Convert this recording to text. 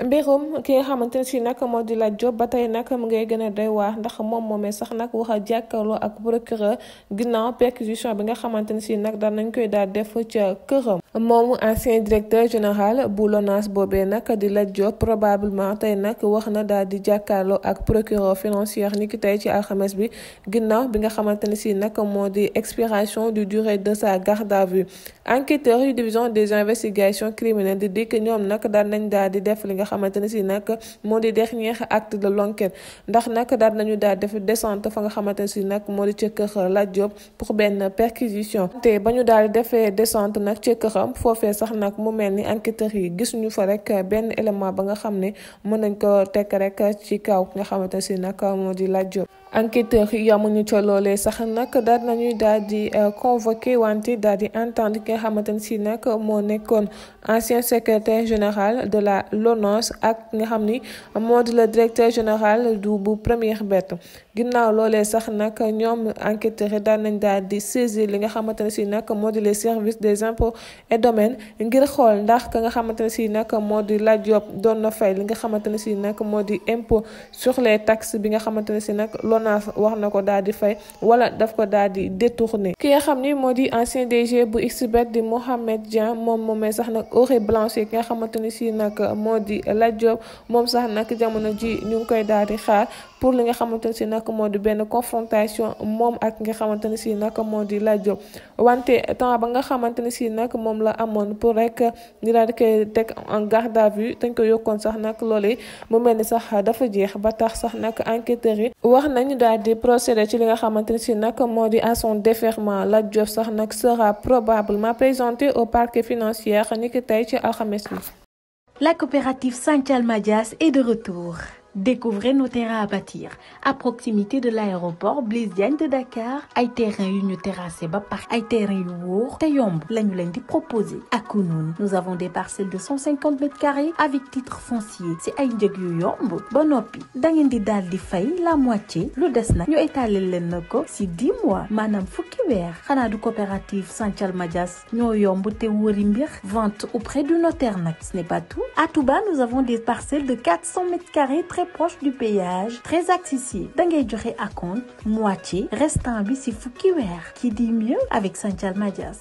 mbirum ki nga xamante ne si nag moo di la Diop ba tey nag mu ngay gën a doy waar ndax moom moomee sax nag wax a jàkkaarloo ak procureur ginnaaw perquisition bi nga xamante ne si nag daan nañ koy daal def ca këram. moomu ancien directeur général bu LONASE boobee nag di Lat Diop probablement tey nag wax na daal di jàkkaarloo ak procureur financière ni tey ci alxames bi ginnaaw bi nga xamante ne si nag moo di expiration du durée de sa garde à vue enquêteurs yu division des investigations di dikk ñoom nag nañ daal di def li nga. xamante ne si nag moo di dernier acte de l'enquête ndax nak daal nañu daal def descente fa nga xamante ne si nag moo di ca kër Lat Diop pour benn perquisition te ba ñu daal defee descente nag ca këram foofee sax nag mu mel ni enquêteurs yi gisuñu fa rek benn élément ba nga xam ne mën nañ ko tekk rek ci kaw nga xamante si nag moo di Lat Diop enquêteurs yi yamuñu ca loolee sax nag daal nañuy daal di euh, convoqué wante daal di entendre ki nga xamante ne si nag moo nekkoon ancien secrétaire général de la LONASE Mermoz ak nga xam ni moo di le directeur général du bu Première Bet ginnaaw loolee sax nag ñoom enquêteurs yi daan nañ daal di saisir li nga xamante ne si nag moo di les services des impôts et ngir xool ndax nga xamante ne si nag moo di Lat Diop doon na fay li nga xamante ne si nag moo di impôt sur les taxes bi nga xamante ne si nag LONASE wax na ko daal di fay wala daf ko daal di détourné ki nga xam ni moo di ancien DG bu XBET di Mohamed Dieng moom moomee sax nag aurait blanchi ki nga xamante ne si nag moo di la Diop moom sax nag jamono ji ñu ngi koy daal di xaar pour li nga xamante si nag moo di benn confrontation moom ak nga xamante ne si nag moo di la Diop wante temps ba nga xamante ne si nag moom la amoon pour rek ñu daal di koy teg en garde à vue dañ ko yokkoon sax nag loole mu mel ni sax dafa jeex ba tax sax nag enquêteurs yi wax nañu daal di procéder ci li nga xamante ne si nag moo di à son déferment la Diop sax nag sera probablement présenté au parquet financier niki tey ci alxames bi. La coopérative Santhialmadias est de retour. Découvrez nos terrains à bâtir proximité de l'aéroport Blaise Diagne de Dakar ay terrain yu ñu terrassé ba par ay terrain yu wóor te yomb lañu leen di proposé ak Kounoune nous avons des parcelles de 150 mètres carrés avec titre foncier ci ay njëg yu yomb ba noppi da ngeen di daal di fay la moitié lu des nag ñu étaler leen na ko si 10 mois maanaam fukki weer xanaa du coopérative Santhial Madias ñoo yomb te wëri mbir vente auprès du notaire nag ce n'est pas tout à Touba nous avons des parcelles de 400 mètres carrés très proche du péage très accessible da ngay joxe acompte moitié restant bi ci fukki weer qui dit mieux avec Santial Madias